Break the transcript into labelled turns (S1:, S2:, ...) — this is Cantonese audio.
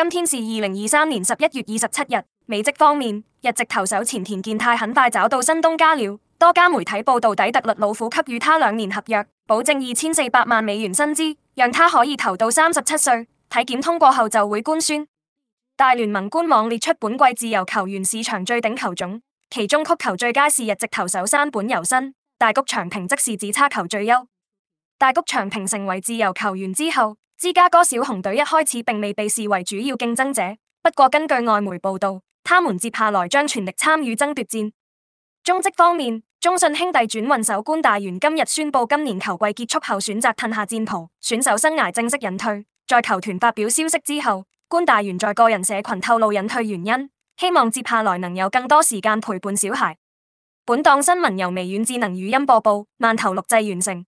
S1: 今天是二零二三年十一月二十七日。美職方面，日籍投手前田健太很快找到新東家了。多家媒體報道，底特律老虎給予他兩年合約，保證二千四百萬美元薪資，讓他可以投到三十七歲。體檢通過後就會官宣。大聯盟官網列出本季自由球員市場最頂球種，其中曲球最佳是日籍投手山本由伸，大谷翔平則是指叉球最優。大谷翔平成為自由球員之後。芝加哥小熊隊一開始並未被視為主要競爭者，不過根據外媒報道，他們接下來將全力參與爭奪戰。中職方面，中信兄弟轉運手官大元今日宣布，今年球季結束後選擇褪下戰袍，選手生涯正式引退。在球團發表消息之後，官大元在個人社群透露引退原因，希望接下來能有更多時間陪伴小孩。本檔新聞由微軟智能語音播報，慢頭錄製完成。